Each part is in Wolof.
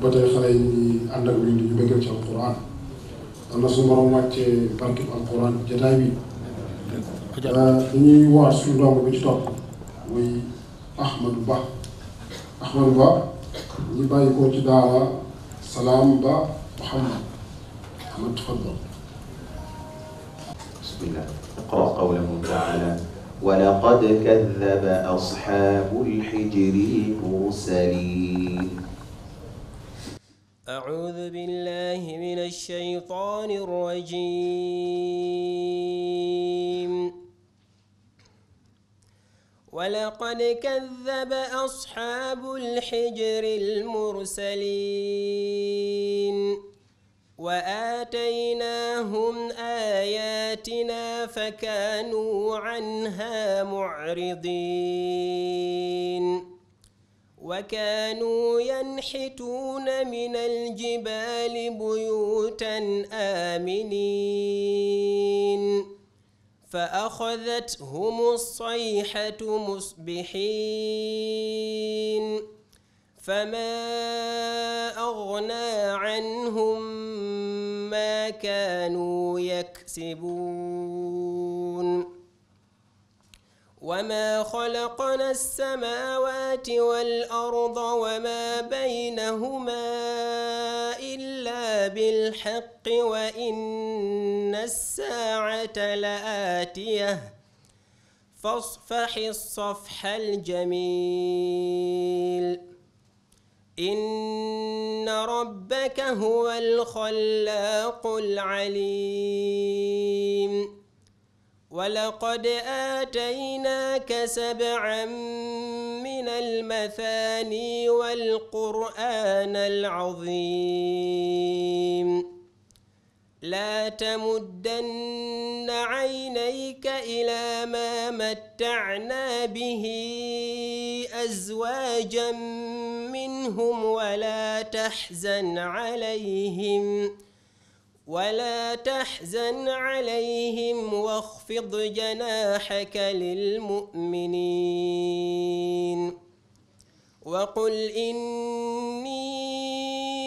ba tey xale yi ñuy ànd ak ñun ñu bëggal ci alquran am na suñu borom wàccee barkib alquran jotaay bi dañuy euh, waat suñu dong bi ci topp muy Ahmadou Ba Ahmadou Ba ñu bàyyi ko ci daara salaam ba Muhammad Ahmad tafaddal bismillah iqra qawlahu taala ولقد كذب أصحاب الحجر المرسلين أعوذ بالله من الشيطان الرجيم ولقد كذب أصحاب الحجر المرسلين وآتيناهم آياتنا فكانوا عنها معرضين وكانوا ينحتون من الجبال بيوتا آمنين فأخذتهم الصيحة مصبحين فما أغنى عنهم ما كانوا يكسبون وما خلقنا السماوات والأرض وما بينهما إلا بالحق وإن الساعة لآتية فاصفح الصفح الجميل إن ربك هو الخلاق العليم ولقد آتيناك سبعا من المثاني والقرآن العظيم لا تمدن عينيك إلى ما متعنا به أزواجا منهم ولا تحزن عليهم ۖ ولا تحزن عليهم واخفض جناحك للمؤمنين وقل إني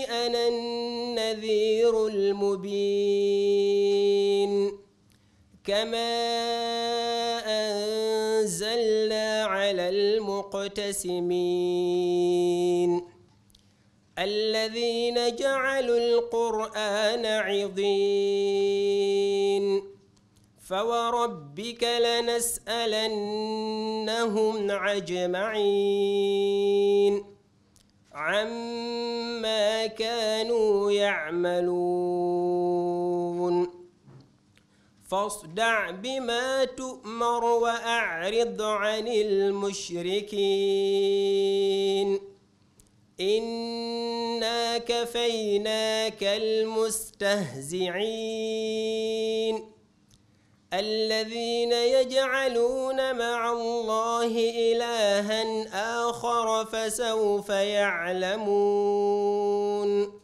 أنا النذير المبين كما أنزلنا على المقتسمين الذين جعلوا القرآن عضين فوربك لنسألنهم أجمعين عما كانوا يعملون فاصدع بما تؤمر وأعرض عن المشركين إنا كفيناك المستهزعين الذين يجعلون مع الله إلها آخر فسوف يعلمون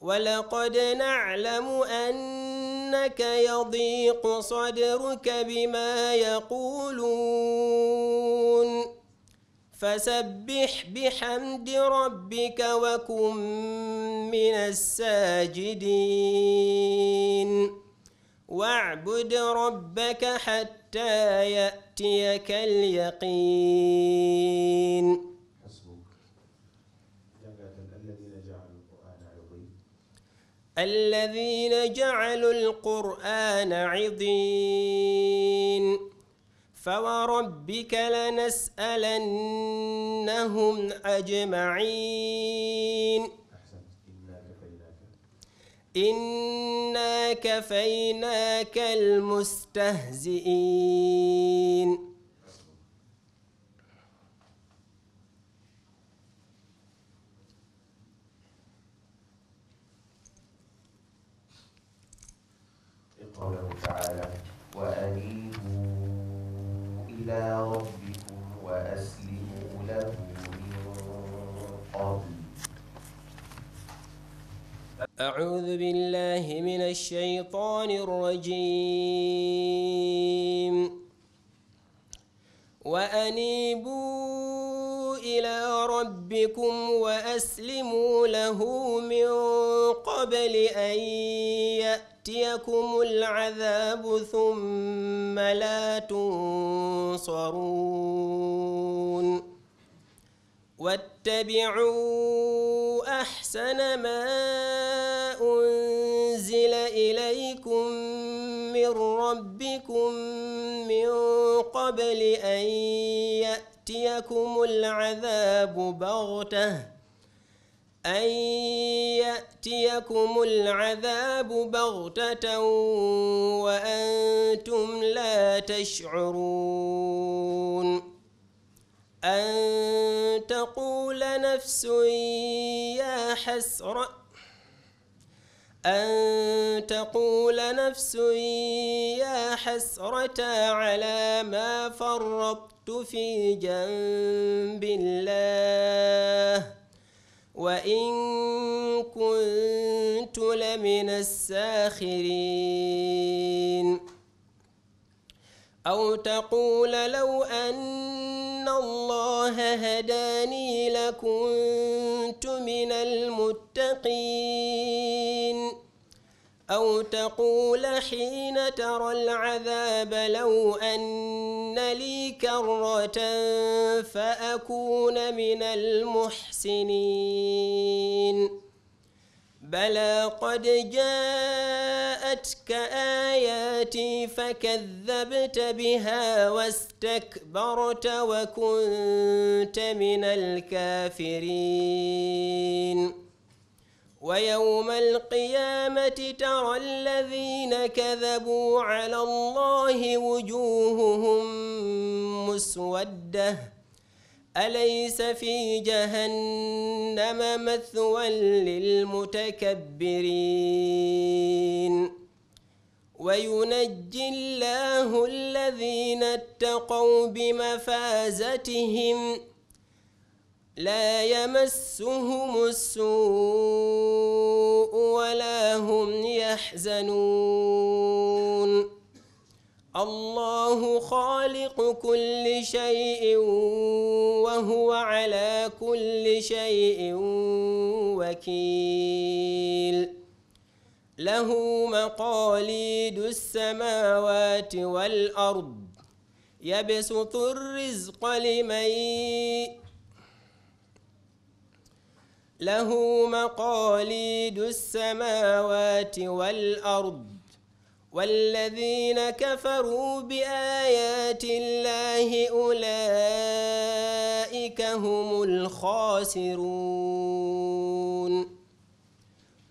ولقد نعلم أنك يضيق صدرك بما يقولون fasabbih bihamdi rabbika wa kun mina as-saajidiin wa'bud rabbaka hattaa ya'tiyaka al-yaqiin الذين جعلوا القرآن عضين فوربك لنسألنهم أجمعين إنا كفيناك المستهزئين قوله تعالى وأني إلى ربكم وأسلموا له من قبل أعوذ بالله من الشيطان الرجيم وأنيبوا إلى ربكم وأسلموا له من قبل أن يأتي ياتيكم العذاب ثم لا تنصرون واتبعوا احسن ما انزل اليكم من ربكم من قبل ان ياتيكم العذاب بغته أن يأتيكم العذاب بغتة وأنتم لا تشعرون أن تقول نفس يا حسرة أن تقول نفس يا حسرة على ما فرطت في جنب الله وإن كنت لمن الساخرين أو تقول لو أن الله هداني لكنت من المتقين أو تقول حين ترى العذاب لو أن لي كرة فأكون من المحسنين بلى قد جاءتك آياتي فكذبت بها واستكبرت وكنت من الكافرين ويوم القيامة ترى الذين كذبوا على الله وجوههم مسودة أليس في جهنم مثوى للمتكبرين وينجي الله الذين اتقوا بمفازتهم ۖ لا يمسهم السوء ولا هم يحزنون الله خالق كل شيء وهو على كل شيء وكيل له مقاليد السماوات والأرض يبسط الرزق لمن له مقاليد السماوات والأرض والذين كفروا بآيات الله أولئك هم الخاسرون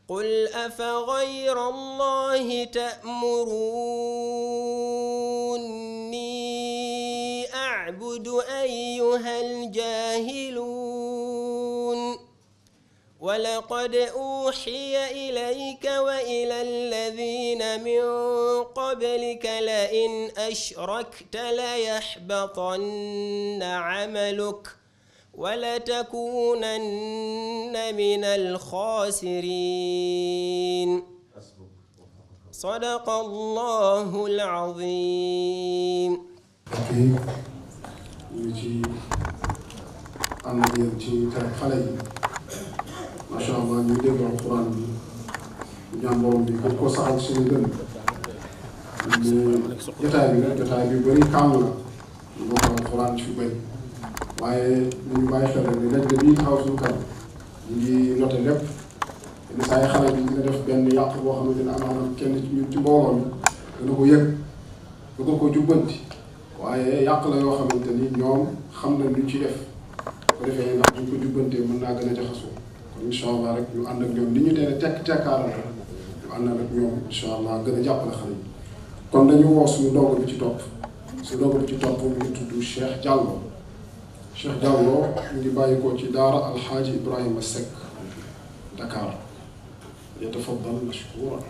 قل أفغير الله تأمروني أعبد أيها ولقد أوحي إليك وإلى الذين من قبلك لئن أشركت ليحبطن عملك ولتكونن من الخاسرين صدق الله العظيم Okay. macha allah ñu dégg alquran bi ñaan borom bi pour ko saxal suñu gën jotaay bi nag jotaay bi bëri kàmm la ñu bokk alquran ci fi bëri waaye ñu bàyyi xel rek ne dañ ne bii ñu ngi noté lépp yenn saa yi xale bi dina def benn yàq boo xamante ne amaana kenn ko yëg du ko yàq la yoo xamante ni ñoom xam nañ lu ñu ci def ko defee ndax duñ ko jubbantee mën naa gën a jaxasoo. kon incha allah rek ñu ànd ak ñoom ni ñu dee tekk tekkaaral rek ànd ak ñoom incha allah gën a jàppale xale yi kon dañu woo suñu ndongo bi ci topp suñu ndongo bi ci topp mu tudd Cheikh Diallo Cheikh Diallo mu ngi bàyyi ci daara alxaaji Ibrahima Seck Dakar yatafaddal mashkuran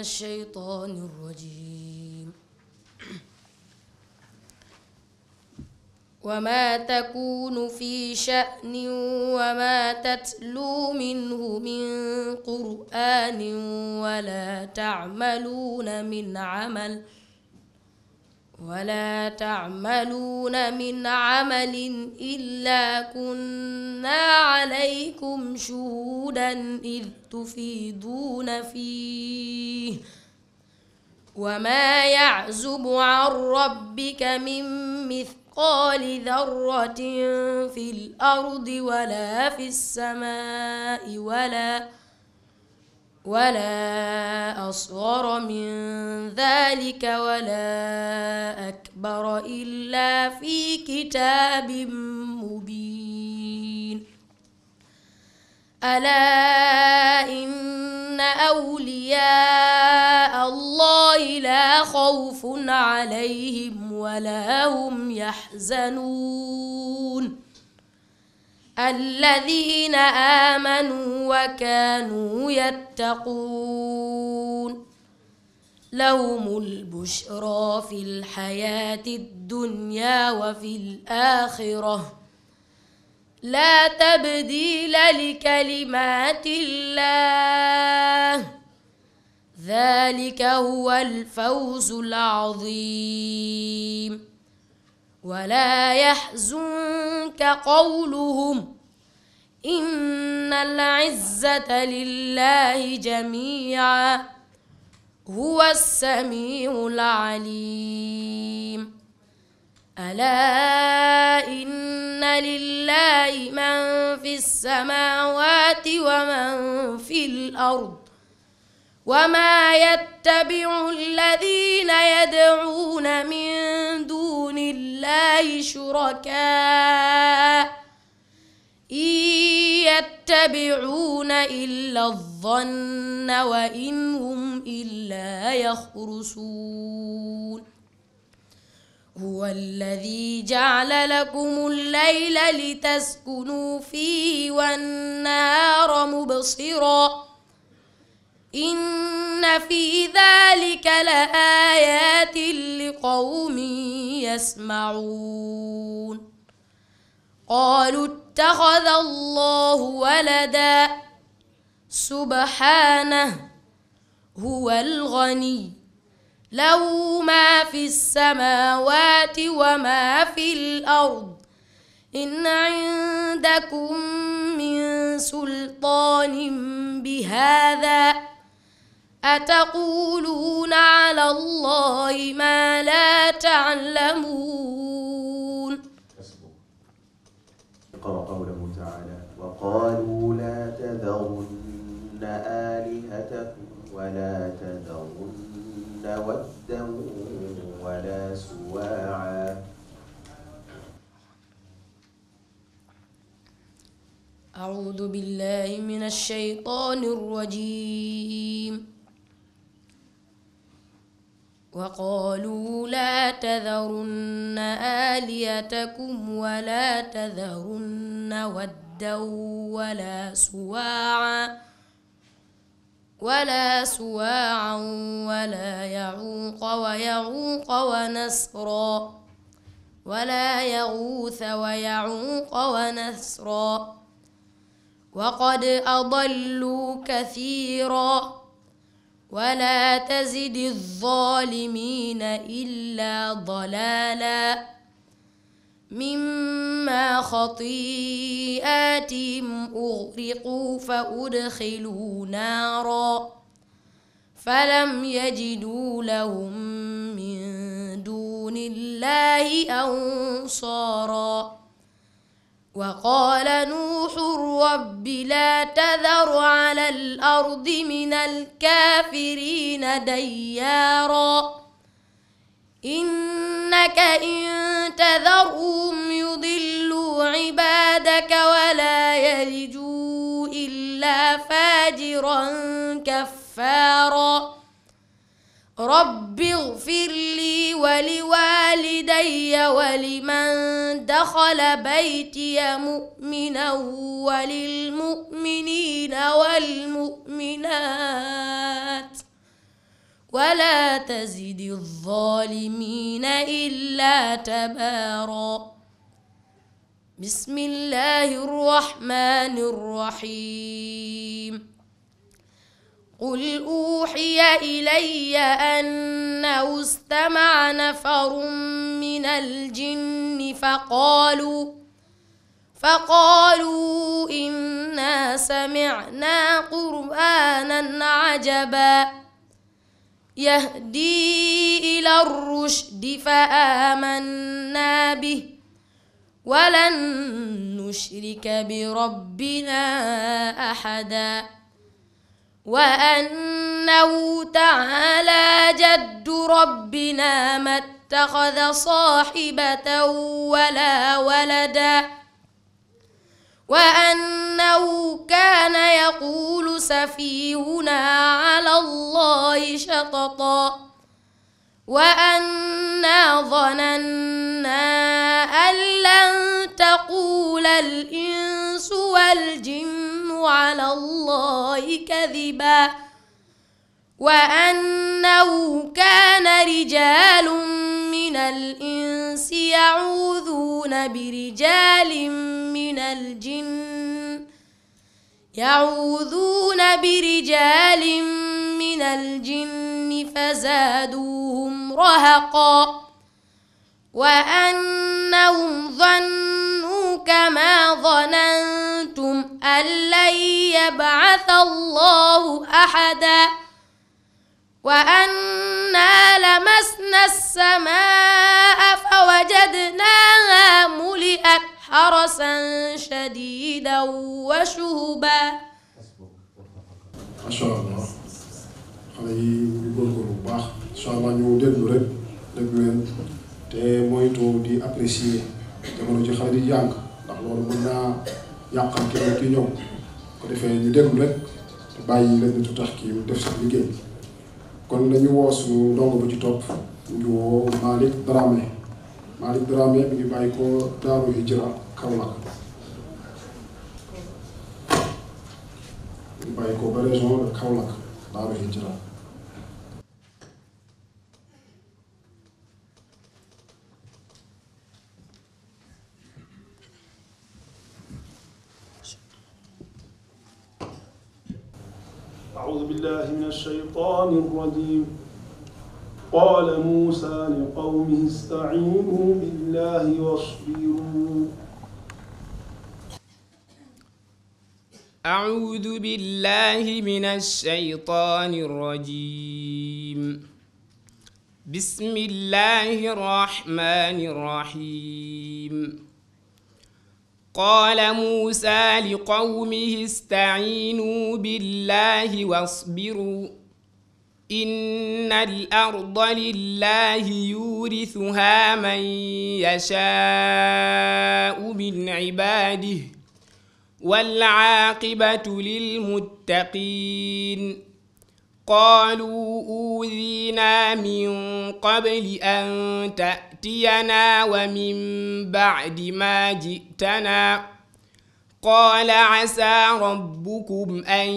الشيطان الرجيم وما تكون في شأن وما تتلو منه من قرآن ولا تعملون من عمل ۖ wala tacmaluuna min camalin illa kunna calaykum shuhuudan id tufiiduuna fiih wama yaczubu can rabbika min mithqaali darratin fi lardi wala fi lsamaa'i wala ولا أصغر من ذلك ولا أكبر إلا في كتاب مبين ألا إن أولياء الله لا خوف عليهم ولا هم يحزنون الذين آمنوا وكانوا يتقون لهم البشرى في الحياة الدنيا وفي الآخرة لا تبديل لكلمات الله ذلك هو الفوز العظيم ولا يحزنك قولهم إن العزة لله جميعا هو السميع العليم ألا إن لله من في السماوات ومن في الأرض وما يتبع الذين يدعون من دون الله شركاء إن يتبعون إلا الظن وإن هم إلا يخرسون هو الذي جعل لكم الليل لتسكنوا فيه والنهار مبصراً إن في ذلك لآيات لقوم يسمعون قالوا اتخذ الله ولدا سبحانه هو الغني له ما في السماوات وما في الأرض إن عندكم من سلطان بهذا أتقولون على الله ما لا تعلمون اقرأ قوله تعالى وقالوا لا تذرن آلهتكم ولا تذرن ودا ولا سواعا أعوذ بالله من الشيطان الرجيم وقالوا لا تذرن آليتكم ولا تذرن ودا ولا سواعا ولا سواعا ولا يعوق ويعوق ونسرا ولا يغوث ويعوق ونسرا وقد أضلوا كثيرا ولا تزد الظالمين إلا ضلالا مما خطيئاتهم أغرقوا فأدخلوا نارا فلم يجدوا لهم من دون الله أنصارا وقال نوح رب لا تذر على الأرض من الكافرين ديارا إنك إن تذرهم يضلوا عبادك ولا يلجوا إلا فاجرا كفارا rabbi ighfir li wa li walidayya wa liman dakhala baytiya mu'minan wa lil mu'minina wal mu'minat wa la tazidi adh-dhalimina illa tabara bismillahir rahmanir rahim قل أوحي إلي أنه استمع نفر من الجن فقالوا فقالوا إنا سمعنا قرآنا عجبا يهدي إلى الرشد فآمنا به ولن نشرك بربنا أحدا وأنه تعالى جد ربنا ما اتخذ صاحبة ولا ولدا وأنه كان يقول سفيهنا على الله شططا وأنا ظننا أن لن تقول الإنس والجن على الله كذبا وأنه كان رجال من الإنس يعوذون برجال من الجن يعوذون برجال من الجن فزادوهم رهقا وأنهم ظنوا كما ظننتم أن لن يبعث الله أحدا وأنا لمسنا السماء فوجدناها ملئت حرسا شديدا وشهبا ما شاء الله xale yi ñu góorgóorlu bu baax incha ñu déglu rek déglu leen di apprécier jamono ji xale di jàng ndax loolu mën naa yàqal kenn ki ñëw ko defee ñu def sax liggéey kon nañu woo bu ci topp ñu ngi woo Malick Dramé Malick Dramé mi ngi bàyyi ko Daaru Hijra Kaolack ñu bàyyi ko ba région Daaru Hijra أعوذ بالله من الشيطان الرجيم قال موسى لقومه استعينوا بالله واصبروا أعوذ بالله من الشيطان الرجيم بسم الله الرحمن الرحيم قال موسى لقومه استعينوا بالله واصبروا إن الأرض لله يورثها من يشاء من عباده والعاقبة للمتقين قالوا أوذينا من قبل أن تأتينا ومن بعد ما جئتنا قال عسى ربكم أن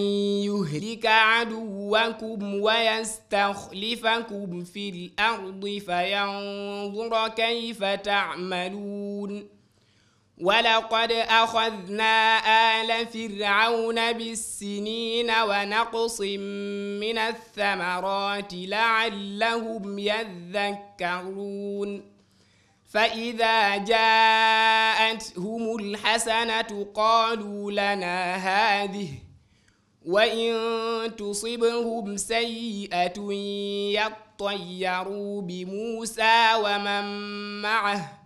يهلك عدوكم ويستخلفكم في الأرض فينظر كيف تعملون ولقد أخذنا آل فرعون بالسنين ونقص من الثمرات لعلهم يذكرون فإذا جاءتهم الحسنة قالوا لنا هذه وإن تصبهم سيئة يطيروا بموسى ومن معه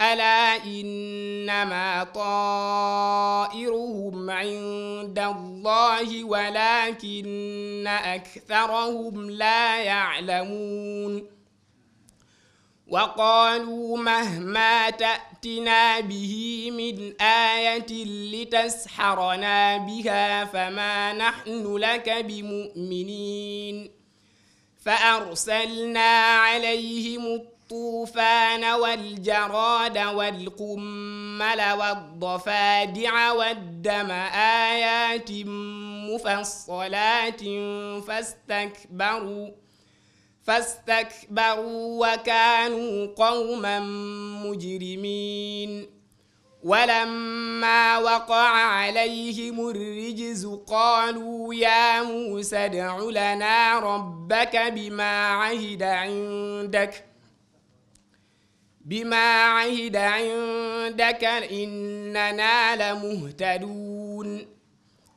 ألا إنما طائرهم عند الله ولكن أكثرهم لا يعلمون وقالوا مهما تأتنا به من آية لتسحرنا بها فما نحن لك بمؤمنين فأرسلنا عليهم والطوفان والجراد والقمل والضفادع والدم آيات مفصلات فاستكبروا فاستكبروا وكانوا قوما مجرمين ولما وقع عليهم الرجز قالوا يا موسى ادع لنا ربك بما عهد عندك بما عهد عندك إننا لمهتدون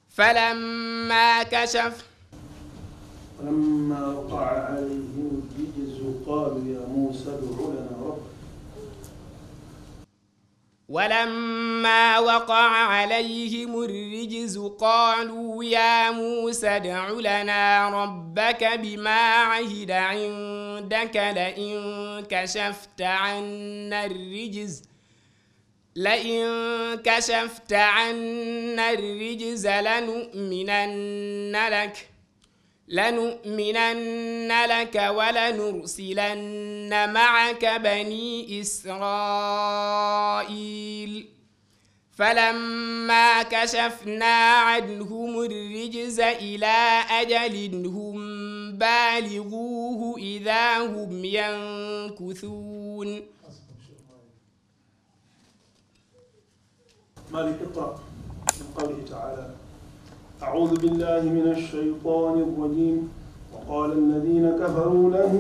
فلما كشف فلما وقع عليهم الرجز قالوا يا ولما وقع عليهم الرجز قالوا يا موسى ادع لنا ربك بما عهد عندك لئن كشفت عنا الرجز لئن كشفت عنا الرجز لنؤمنن لك لنؤمنن لك ولنرسلن معك بني إسرائيل فلما كشفنا عنهم الرجز إلى أجل هم بالغوه إذا هم ينكثون مالك اقرأ من قوله تعالى أعوذ بالله من الشيطان الرجيم وقال الذين كفروا لن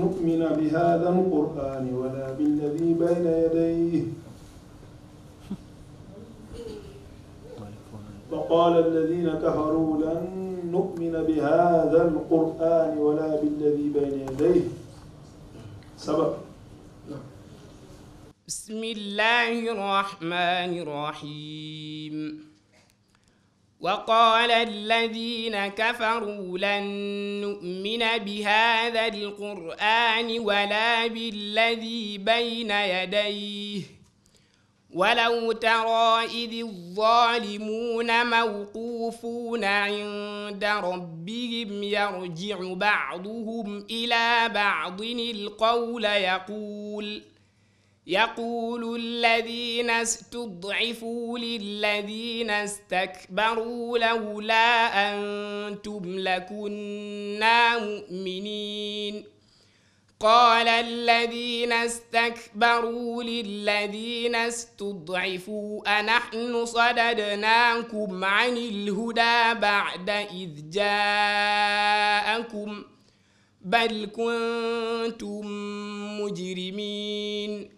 نؤمن بهذا القرآن ولا بالذي بين يديه وقال الذين كفروا لن نؤمن بهذا القرآن ولا بالذي بين يديه سبق بسم الله الرحمن الرحيم وقال الذين كفروا لن نؤمن بهذا القرآن ولا بالذي بين يديه ولو ترى إذ الظالمون موقوفون عند ربهم يرجع بعضهم إلى بعض القول يقول يقول الذين استضعفوا للذين استكبروا لولا أنتم لكنا مؤمنين قال الذين استكبروا للذين استضعفوا أنحن صددناكم عن الهدى بعد إذ جاءكم بل كنتم مجرمين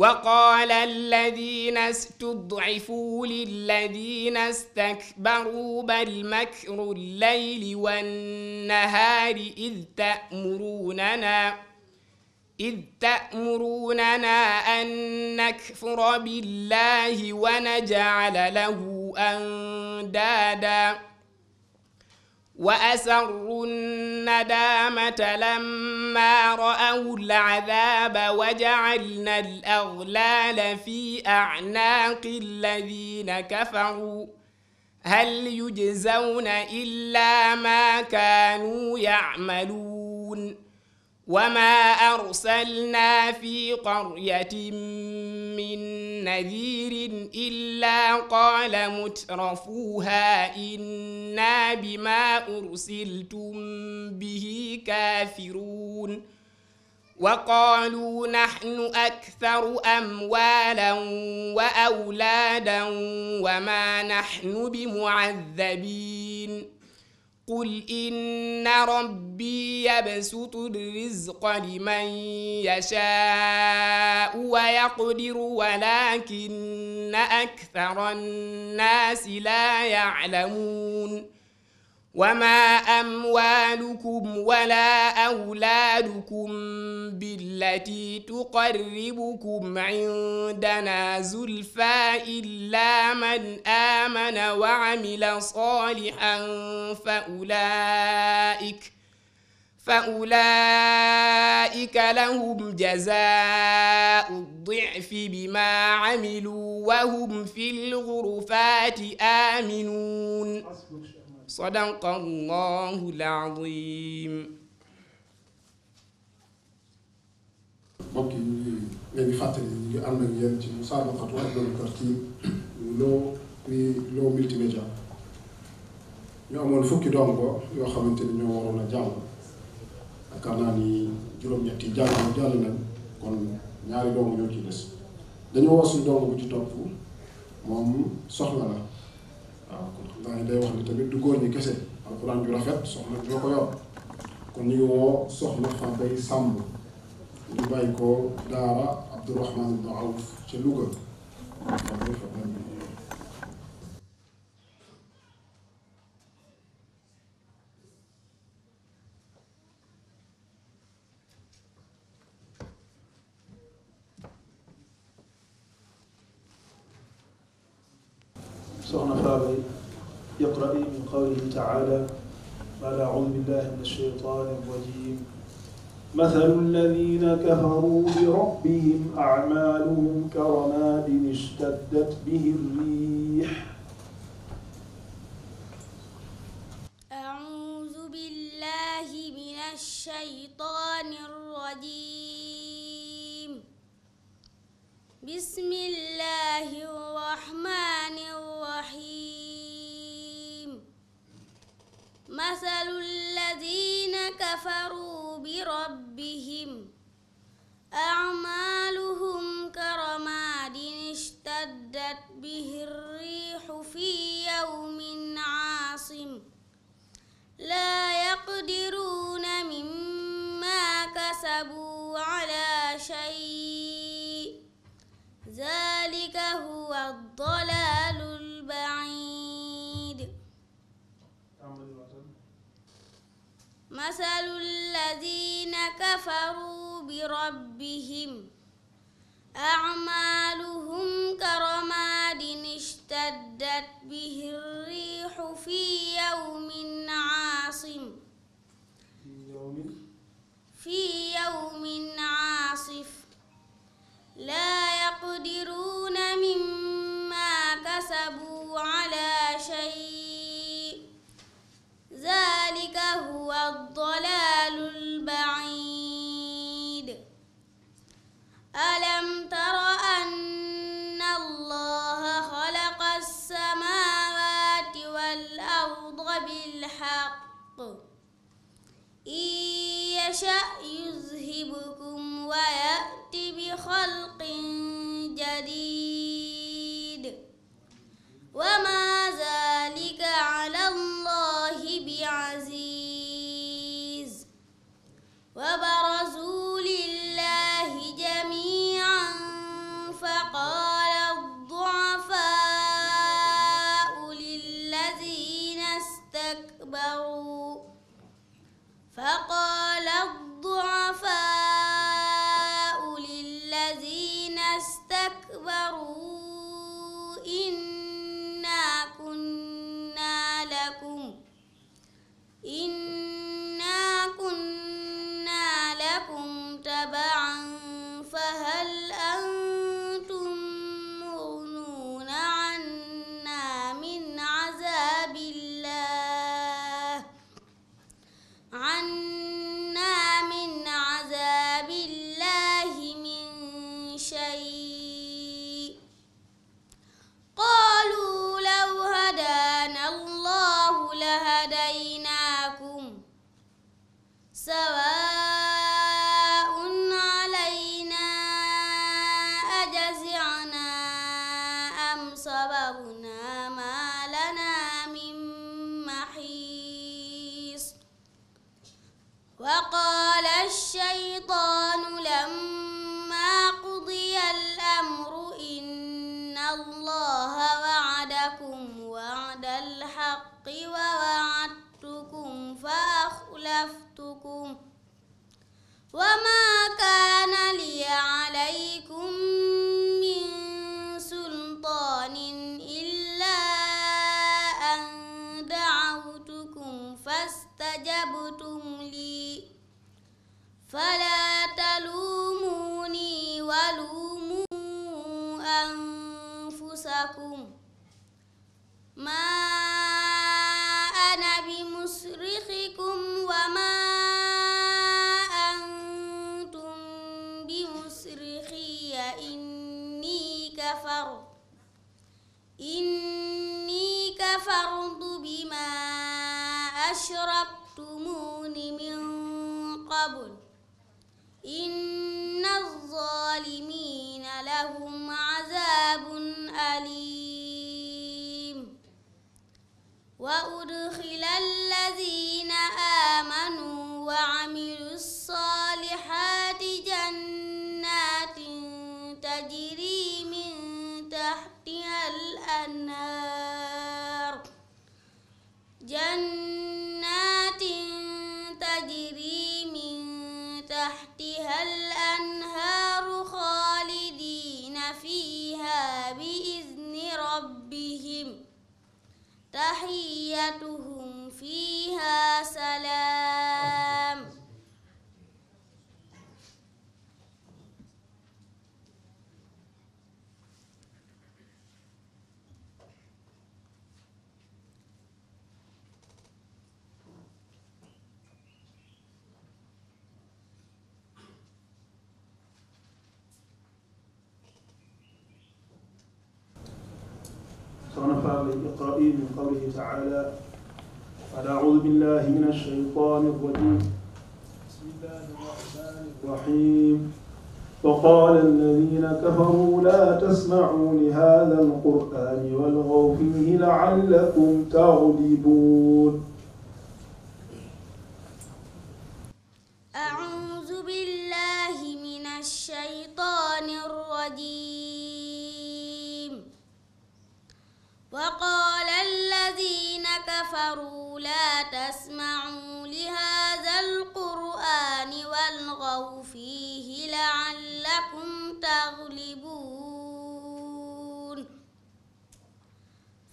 وقال الذين استضعفوا للذين استكبروا بل مكر الليل والنهار إذ تأمروننا إذ تأمروننا أن نكفر بالله ونجعل له أندادا وأسروا الندامة لما رأوا العذاب وجعلنا الأغلال في أعناق الذين كفروا هل يجزون إلا ما كانوا يعملون وما أرسلنا في قرية من نذير إلا قال مترفوها إنا بما أرسلتم به كافرون وقالوا نحن أكثر أموالا وأولادا وما نحن بمعذبين قل إن ربي يبسط الرزق لمن يشاء ويقدر ولكن أكثر الناس لا يعلمون وما أموالكم ولا أولادكم بالتي تقربكم عندنا زلفى إلا من آمن وعمل صالحا فأولئك فأولئك لهم جزاء الضعف بما عملوا وهم في الغرفات آمنون sadaqallaahu l-aziim. mbokk yi ñu ngi leen di fàttali ñu ngi ànd ak yéen ci musaabaqatu Hablul Kartim loo muy loo multimédia ñu amoon fukki doom ba yoo xamante ni ñoo waroon a jàll yaakaar naa juróom-ñett yi jàll jàll nañ kon ñaari doomu ñoo ciy des dañoo war suñu doom bu ci topp moom soxla la. waaw kon xam naa wax ni tamit góor ñi kese alxuraan ju rafet soxna ñoo ko yor kon ñu ngi woo soxna Fabey Samb ñu bàyyi ko daara Abdourahman ibn Awf ca Louga waaw قوله تعالى بعد أعوذ بالله من الشيطان الرجيم مثل الذين كفروا بربهم أعمالهم كرماد اشتدت به الريح أعوذ بالله من الشيطان الرجيم بسم الله الرحمن الرحيم مثل الذين كفروا بربهم أعمالهم كرماد اشتدت به الريح في يوم عاصم لا يقدرون مما كسبوا على شيء ذلك هو الضال مثل الذين كفروا بربهم أعمالهم كرماد اشتدت به الريح في يوم عاصم في يوم عاصف لا يقدرون مما يشأ يذهبكم ويأت بخلق جديد وما ذلك على لكم ما soxna Fatou Laye iqra'i min qawlihi ta'ala qad a'uudu billahi mina shaytaani rajiim bismillahi rahmaani rahiim وقال الذين كفروا لا تسمعوا لهذا القرآن والغوا فيه لعلكم تغلبون أعوذ بالله من الشيطان وقال الذين كفروا لا تسمعوا لهذا القرآن والغوا فيه لعلكم تغلبون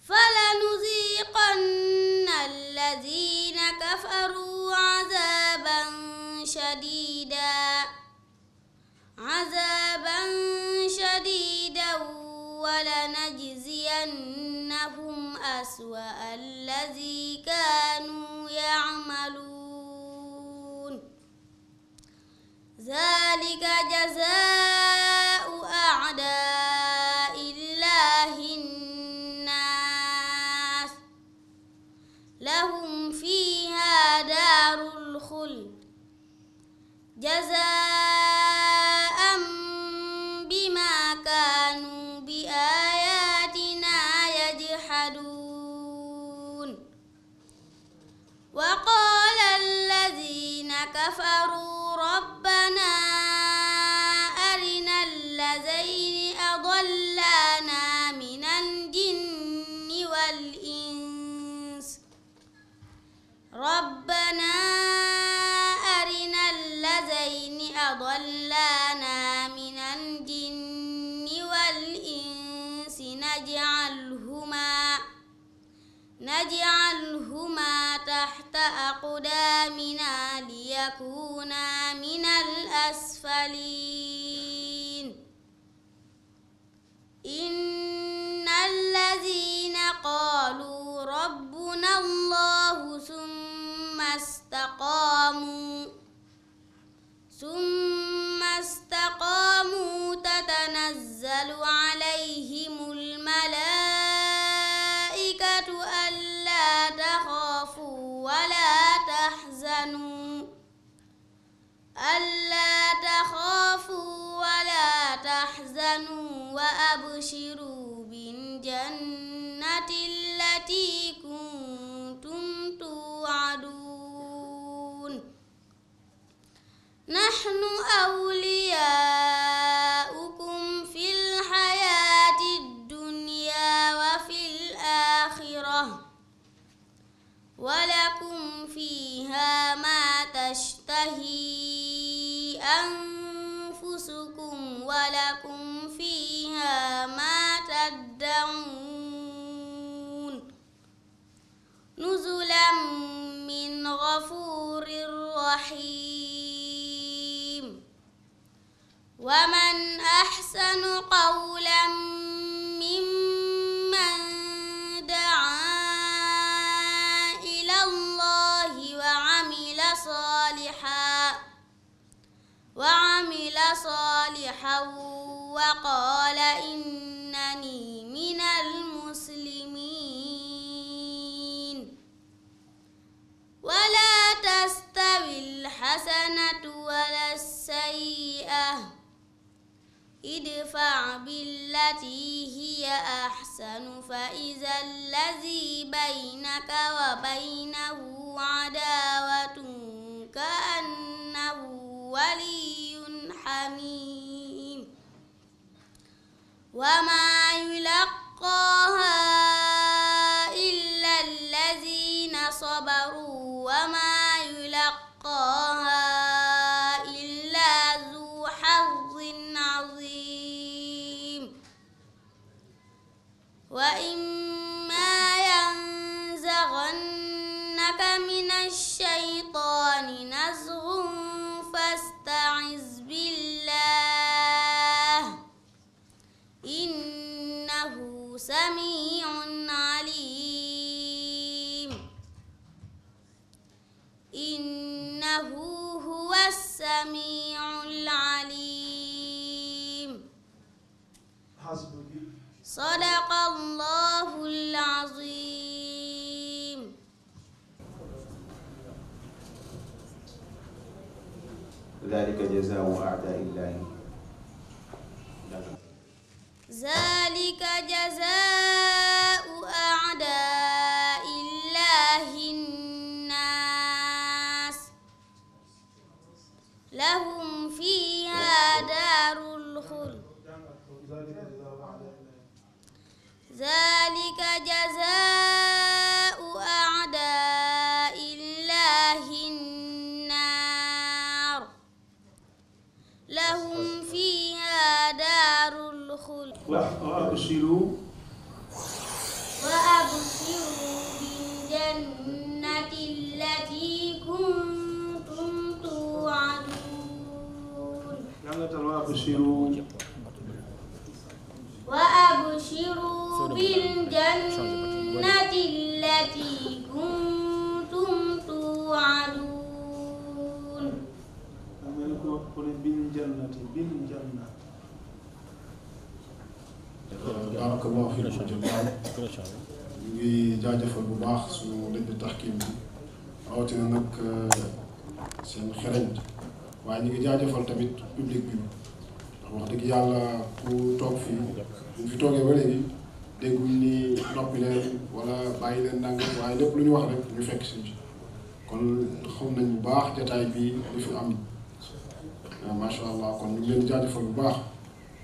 فلنذيقن الذين كفروا عذابا شديدا عذابا شديدا ولنجزينهم أسوأ الذي كانوا يعملون ذلك جزاء أعداء الله الناس لهم فيها دار الخلد جزاء أقدامنا ليكونا من الأسفلين إن الذين قالوا ربنا الله ثم استقاموا ثم نحن أولياؤكم في الحياة الدنيا وفي الآخرة ولكم فيها ما تشتهي أنفسكم ولكم فيها ما تدعون نزلا من غفور رحيم ومن أحسن قولا ممن دعا إلى الله وعمل صالحا وعمل صالحا وقال إنني من المسلمين ولا تستوي الحسنة ولا السيئة idfa billati hiya ahsanu fa iza allazi baynaka wa baynahu adawatun ka annahu waliyyun hamim wa ma yulaqqaha zalika jazaau aadaillahi zalika jazaau aadaillahi nnaas lahum fiha daarul xuld zalika jazaau وأبشروا وأبشروا بالجنة التي كنتم توعدون يلا وأبشروا وأبشروا بالجنة التي كنتم توعدون بالجنة بالجنة barakallahu fiikum jamiian ñu ngi jaajëfal bu baax suñu lëj taxkiim bi rawatina nag euh, seen xereñ waaye ñu ngi jaajëfal tamit public bi ndax wax dëgg yàlla ku toog fii bu fi toogee ba léegi déggul ni noppi leen wala bàyyi leen ndànk waaye lépp lu ñu wax rek ñu fekk si kon xam nañ bu baax jataay bi li fi am macha allah kon ñu ngi leen bu baax.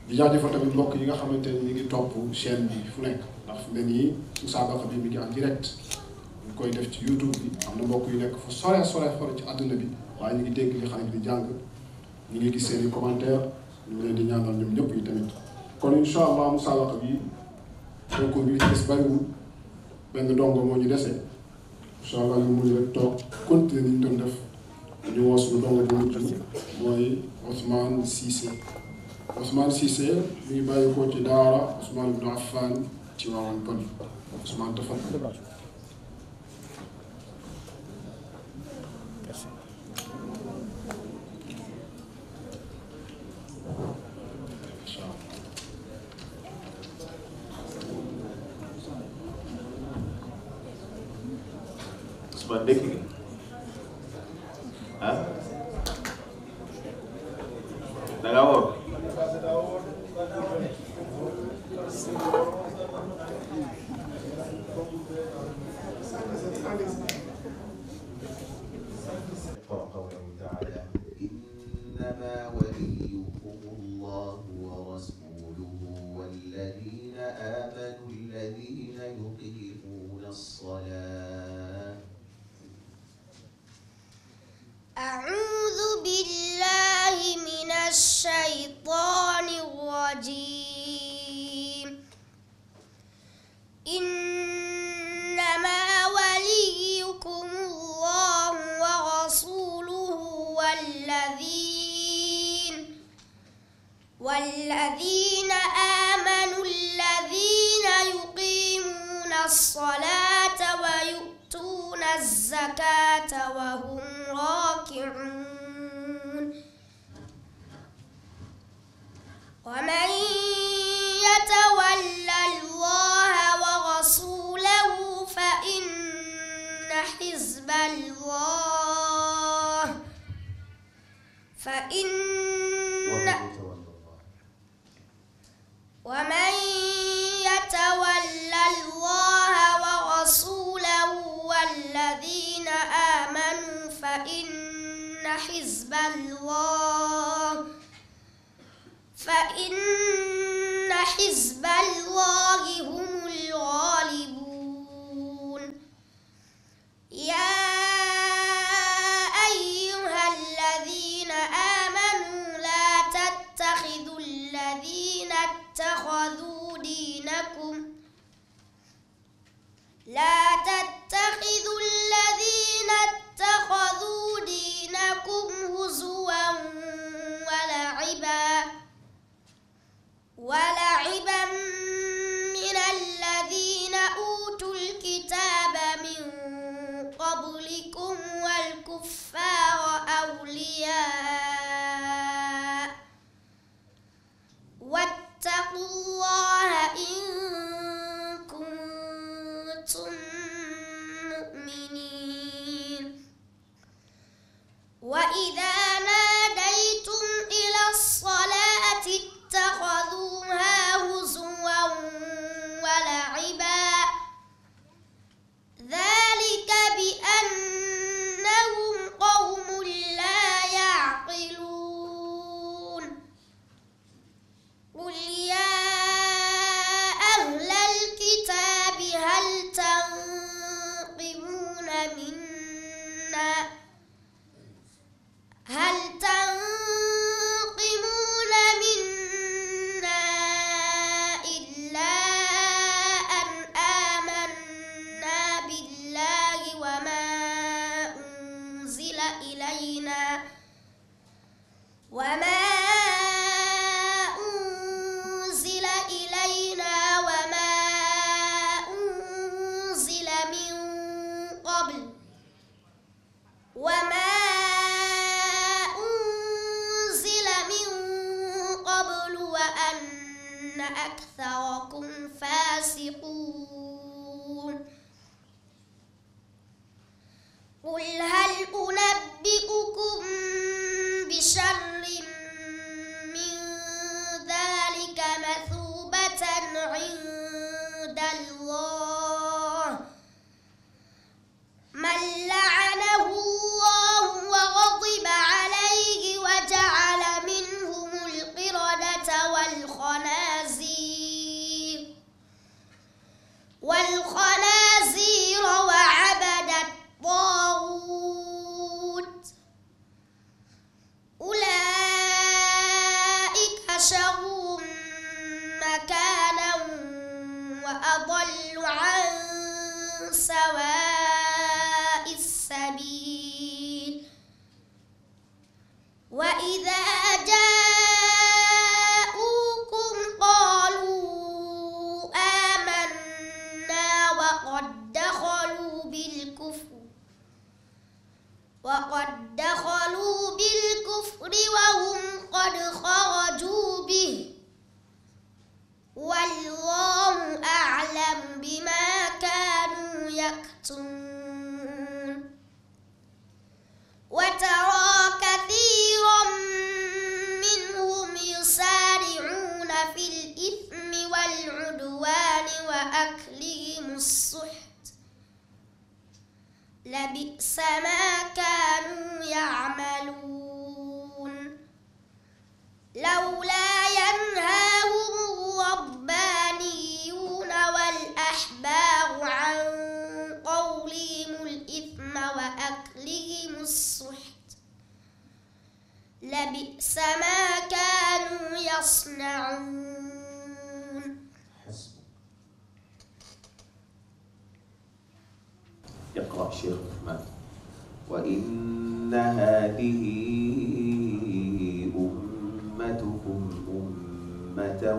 di jaajëfal tamit mbokk yi nga xamante ni ñu ngi topp chaîne bi fu nekk ndax fu ne nii bi mi ngi en direct ñu koy def ci YouTube bi am na mbokk yu nekk fu sore sore sore ci àdduna bi waaye ñu ngi dégg li xale bi di jàng ñu ngi gis seen i commentaire ñu leen di ñaanal ñoom ñëpp yi tamit kon incha allah musaabaqa bi bi li benn dongo moo ñu dese incha allah ñu mujj rek toog continuer li ñu doon def ñu woo suñu dongo bu mujj mooy Ousmane Cissé Ousmane Cissé mi bàyyi ko ci daara Ousmane Ibn Affan ci waawoon pël Ousmane Tafal en منكم أمة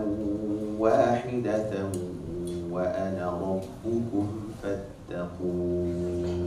واحدة وأنا ربكم فاتقون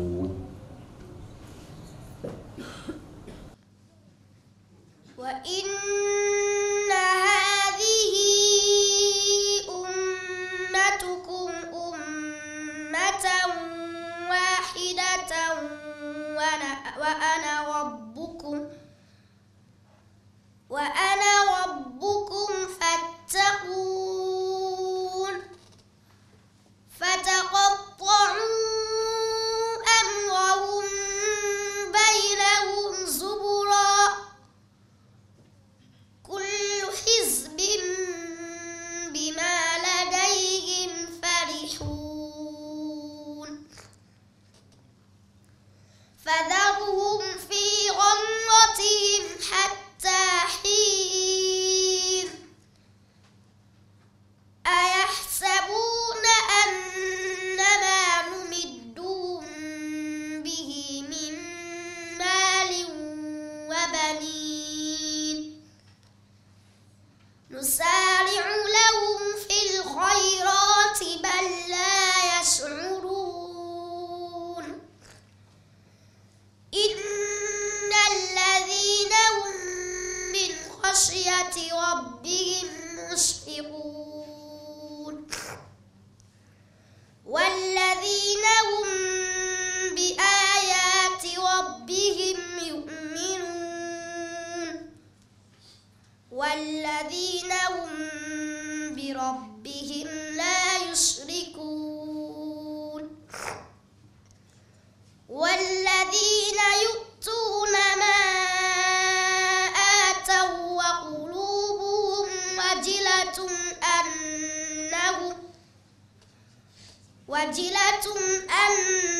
وجلة أن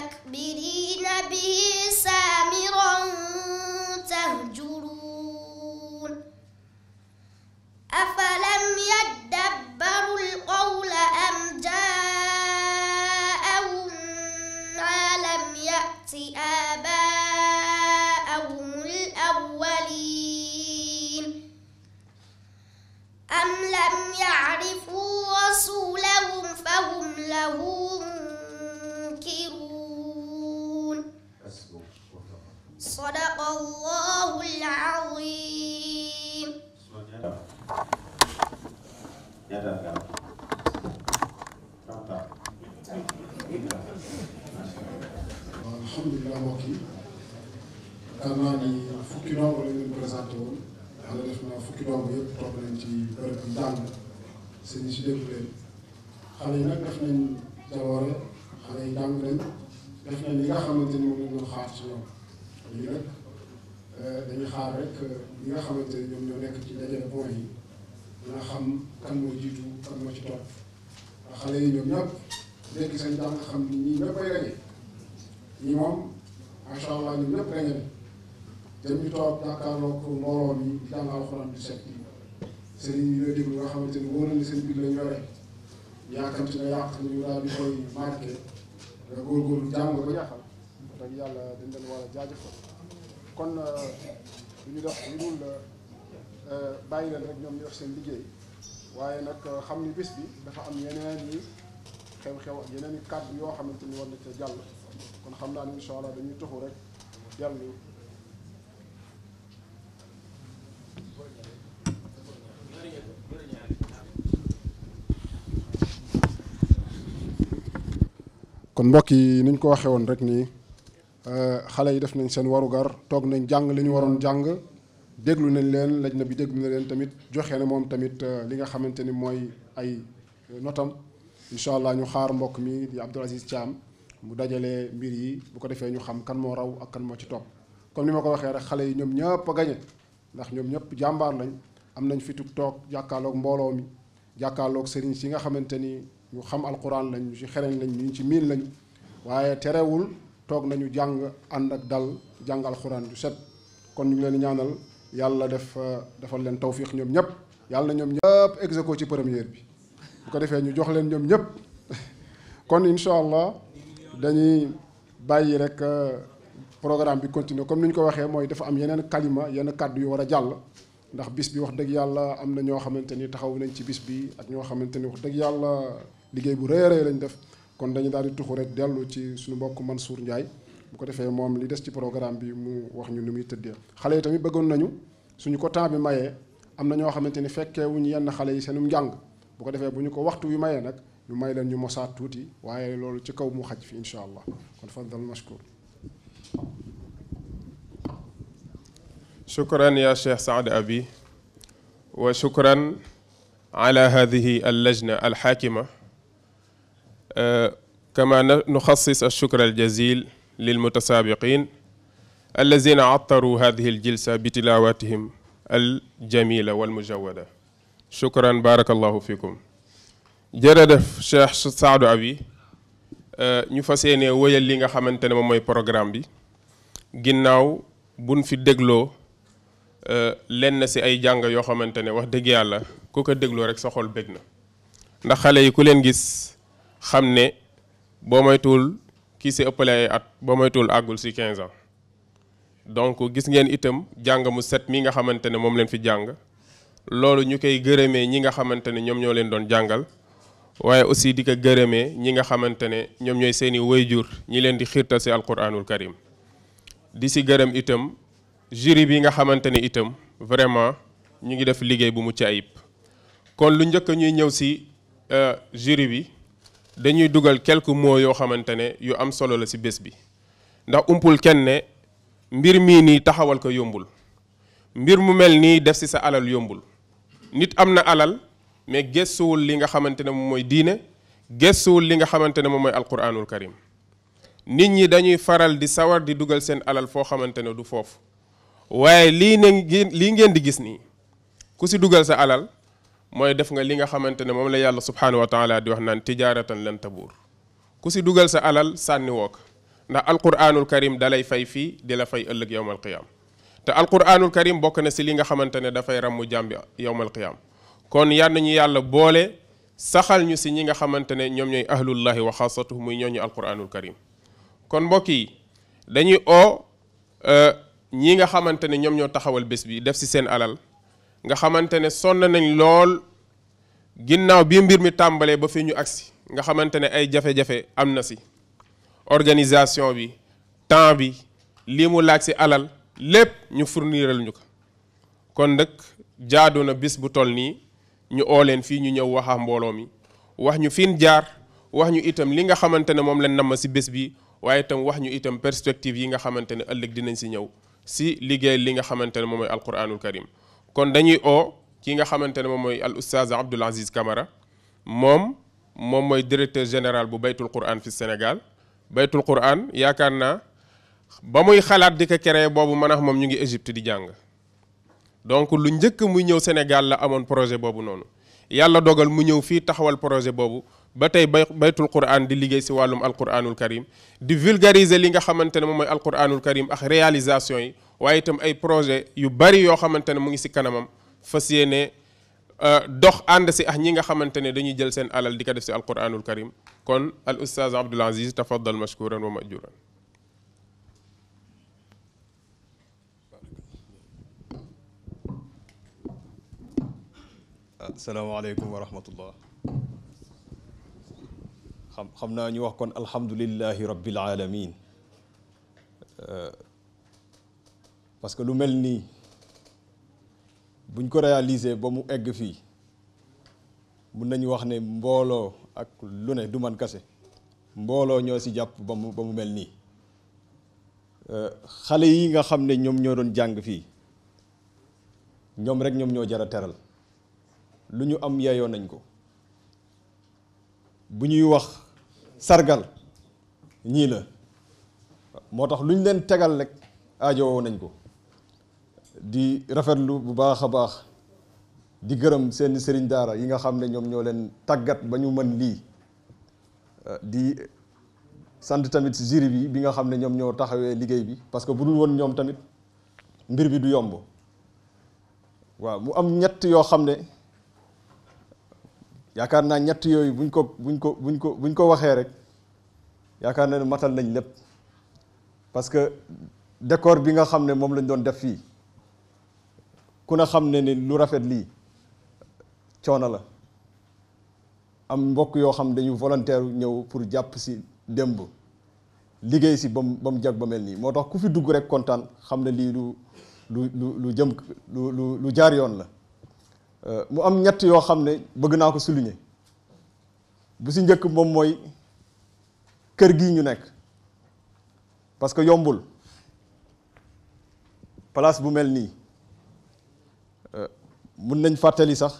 مستكبرين به kon du euh, ñu def lu euh, euh, bàyyi leen rek ñoom ñu def seen liggéey waaye nag xam ni bis bi dafa am yeneen yi xew-xew ak yeneen i kàddu yoo xamante ni war na ca jàll kon xam naa ni incha allah dañuy toxu rek jàll. kon mbokk yi ni ñu ko waxee woon rek nii. Euh, xale yi def nañ seen warugar toog nañ jàng li ñu waroon mm. jàng déglu nañ leen laj na bi déglu na leen tamit joxe na moom tamit euh, li nga xamante ni mooy ay euh, notam incha allah ñu xaar mbokk mi di Abdoul Aziz Thiam mu dajale mbir yi bu ko defee ñu xam kan moo raw ak kan moo ci toog comme ni ma ko waxee rek xale yi ñoom ñëpp a gañe ndax ñoom ñëpp jàmbaar lañ am nañ fi toog jàkkaarloog mbooloo mi jàkkaarlook sëriñ si nga xamante ni ñu xam alquran lañ ñu ci xereñ lañ ñu ci miin lañ toog nañu jàng ànd ak dal jàng alxuraan ju set kon ñu ngi leen ñaanal yàlla def euh, defal leen tawfiix ñoom ñëpp yàlla na ñoom ñëpp execo ci première bi bu ko defee ñu jox leen ñoom ñëpp kon incha allah dañuy bàyyi rek euh, programme bi continuer comme ni ñu ko waxee mooy dafa am yeneen kalima yenn kàddu yu war a jàll ndax bis bi wax dëgg yàlla am na ñoo xamante ni taxaw nañ ci bis bi ak ñoo xamante ni wax dëgg yàlla liggéey bu rëy a rëy def kon dañu daal di tuxu rek dellu ci suñu mbokk Mansour njaay bu ko defee moom li des ci programme bi mu wax ñu ni muy tëddee xale yi tamit bëggoon nañu suñu ko temps bi mayee am na ñoo xamante ni fekkee wuñu yenn xale yi seenu njàng bu ko defee bu ñu ko waxtu wi mayee nag ñu may leen ñu mosaat tuuti waaye loolu ci kaw mu xaj fi incha allah kon faddal mashkur shukran ya cheikh saad abi wa shukran ala hadihi allajna alxaakima kama nuxassis alshukra aljazil lilmutasaabiqin allazina attaru hadihi aljilsa bi tilaawatihim aljamila walmujawada shukran barakallahu fikum jërëjëf Cheikh Saadu Abi ñu fas yéene wëyal li nga xamante ne moom mooy programme bi ginnaaw buñ fi dégloo euh, lenn si ay jàng yoo xamante ne wax dëgg yàlla ku ko dégloo rek sa xol bég na ndax xale yi ku leen gis xam ne boo moytuwul kii si ëppale ay at boo moytuwul àggul si 15 ans donc gis ngeen itam jàng mu set mi nga xamante ne moom leen fi jàng loolu ñu koy gërëmee ñi nga xamante ne ñoom ñoo leen doon jàngal waaye aussi di ko gërëmee ñi nga xamante ne ñoom ñooy seeni wayjur ñi leen di xiirtal si alquranul karim di si gërëm itam jury bi nga xamante ne itam vraiment ñu ngi def liggéey bu mucc ayib kon lu njëkk ñuy ñëw si euh, jury bi dañuy dugal quelques mots yoo xamante ne yu am solo la ci bés bi ndax umpul kenn ne mbir mii nii taxawal ko yombul mbir mu mel nii def ci sa alal yombul nit am na alal mais gëstuwul li nga xamante ne moom mooy diine gëstuwul li nga xamante ne moom mooy alquranul karim nit ñi dañuy faral di sawar di dugal seen alal foo xamante ne du foofu waaye lii ne lii ngeen di gis nii ku ci dugal sa alal mooy def nga li nga xamante ne moom la yàlla subhaanahu wa taala di wax naan tijaaratan lan tabuur ku si dugal sa alal sànni woo ko ndax alquranul karim dalay fay fii di la fay ëllëg yowmal qiyaam te alquranul karim bokk na si li nga xamante ne dafay ràmmu jàmbi yowmal qiyaam kon yal nañu yàlla boole saxal ñu si ñi nga xamante ne ñoom ñooy ahlullahi wa xaasatuhu muy ñooñu alquranul karim kon mbokk yi dañuy oo euh, ñi nga xamante ne ñoom ñoo taxawal bés bi def si seen alal nga xamante ne sonn nañ lool ginnaaw bi mbir mi tàmbalee ba fi ñu agsi nga xamante ne ay jafe-jafe am na si organisation bi temps bi lii mu laaj si alal lépp ñu fourniral ñu ko kon nag jaadu na bis bu toll nii ñu oo leen fii ñu ñëw waxa mbooloo mi wax ñu fiin jaar wax ñu itam li nga xamante ne moom lañ ma si bés bi waaye tam wax ñu itam perspective yi nga xamante ne ëllëg dinañ si ñëw si liggéey li nga xamante ne moom mooy alquranul karim kon dañuy oo ki nga xamante ne moom mooy al oustaz Abdoul Aziz kamara moom moom mooy directeur général bu baytul quran fi Sénégal baytul quran yaakaar na ba muy xalaat di ko boobu man ak moom ñu ngi Égypte di jàng donc lu njëkk muy ñëw Sénégal la amoon projet boobu noonu yàlla dogal mu ñëw fii taxawal projet boobu ba tey bay baytul quran di liggéey si wàllum alquranul karim di vulgariser li nga xamante ne moom mooy alquranul karim ak réalisation yi waaye itam ay projet yu bari yoo xamante ne mu ngi si kanamam fas yéene euh, dox ànd si ak ñi nga xamante ne dañuy jël seen alal di ko def si alquranul karim kon al ustaz abdul aziz tafaddal mashkuran wa majuran asalaamaaleykum ah, wa rahmatullah xam xam naa ñu wax kon alhamdulillahi rabbil alamin euh, parce que lu mel nii buñ ko réaliser ba mu egg fii mun nañu wax ne mbooloo ak lu ne du man kase mbooloo ñoo ci jàpp ba mu ba mu mel nii xale yi nga xam ne ñoom ñoo doon jàng fii ñoom rek ñoom ñoo jara teral lu ñu am yeyoo nañ ko bu ñuy wax sargal ñii la moo tax lu ñu leen tegal rek aajowoo nañ ko di rafetlu bu baax a baax di gërëm seen sëriñ daara yi nga xam ne ñoom ñoo leen tàggat ba ñu mën lii euh, di sant tamit jury bi bi nga xam ne ñoom ñoo taxawee liggéey bi parce que bu dul woon ñoom tamit mbir bi du yomb waaw mu am ñett yoo xam ne yaakaar naa ñett yooyu buñ ko buñ ko buñ ko buñ ko waxee rek yaakaar na ne matal nañ lépp parce que décor bi nga xam ne moom lañ doon def fii ku ne xam ne ni lu rafet lii coono la am mbokk yoo xam dañu volontaire ñëw pour jàpp si démb liggéey si ba mu ba mu jag ba mel nii moo tax ku fi dugg rek kontaan xam ne lii lu lu lu lu jëm lu lu lu jaar yoon la euh, mu am ñett yoo xam ne bëgg naa ko souligner bu si njëkk moom mooy kër gi ñu nekk parce que yombul place bu mel nii mun nañ fàttali sax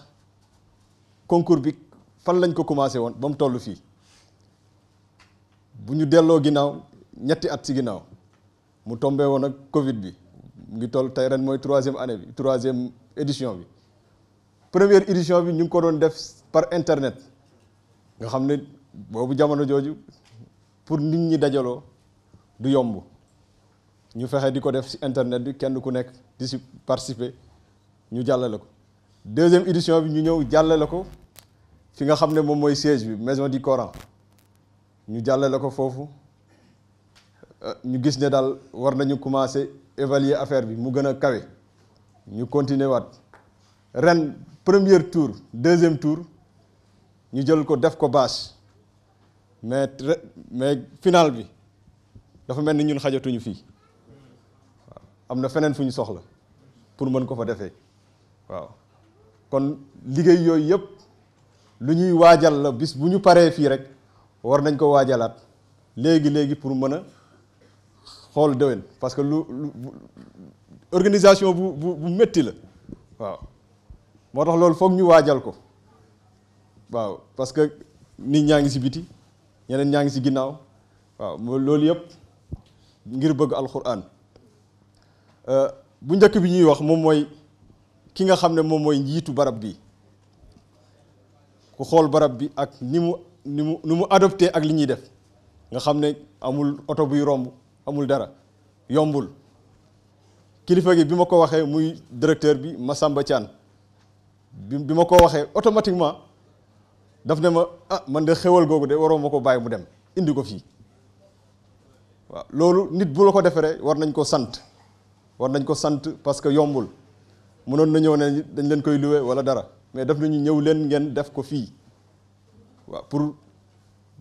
concours bi fan lañ ko commencé woon ba mu toll fii bu ñu delloo ginnaaw ñetti at ci ginnaaw mu tombé woon ak Covid bi mu ngi toll tey ren mooy troisième année bi troisième édition bi première édition bi ñu ngi ko doon def par internet nga xam ne boobu jamono jooju pour nit ñi dajaloo du yomb ñu fexe di ko def si internet bi kenn ku nekk di ci participer ñu jàllale ko. deuxième édition bi ñu ñëw jàllale ko fi nga xam ne moom mooy siège bi maison di Coran ñu jàllale ko foofu euh, ñu gis ne daal war nañu commencé évaluer affaire bi mu gën a kawe ñu continuer waat ren première tour deuxième tour ñu jël ko def ko bâche mais mais final bi dafa mel ni ñun xajatuñu fii am na feneen fu ñu soxla pour mën ko fa defee waaw kon liggéey yooyu yëpp lu ñuy waajal la bis bu ñu paree fii rek war nañ ko waajalaat léegi léegi pour mën a xool déwén parce que lu organisation bu bu bu métti la waaw moo tax loolu foog ñu waajal ko waaw parce que nit ñaa ngi si biti ñeneen ñaa ngi si ginnaaw waaw loolu yëpp ngir bëgg alxuraan euh, bu njëkk bi ñuy wax moom mooy. ki nga xam ne moom mooy njiitu barab bi ku xool barab bi ak ni mu ni mu ni mu adopté ak li ñuy def nga xam ne amul oto buy romb amul dara yombul kilifa gi bi ma ko waxee muy directeur bi ma Thian bi bi ma ko waxee automatiquement daf ne ma ah man de xewal googu de waroo ma ko bàyyi mu dem indi ko fii waaw loolu nit bu la ko deferee war nañ ko sant war nañ ko sant parce que yombul mënoon na ñëw ne dañ leen koy luwe wala dara mais daf nañu ñëw leen ngeen def ko fii waaw pour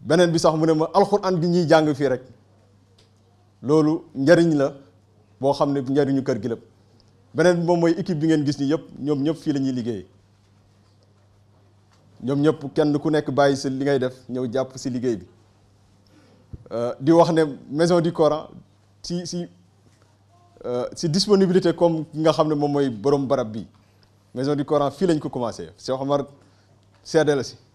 beneen bi sax mu ne ma alxuraan gi ñuy jàng fii rek loolu njariñ la boo xam ne bu njariñu kër gi lépp beneen bi moom mooy équipe bi ngeen gis nii yëpp ñoom ñëpp fii la ñuy ñoom ñëpp kenn ku nekk bàyyi si li ngay def ñëw jàpp si liggéey bi euh, di wax ne maison du Coran si si si euh, disponibilité comme nga xam ne moom mooy borom barab bi maison du coran fii lañ ko commencé Cheikh Omar seede la si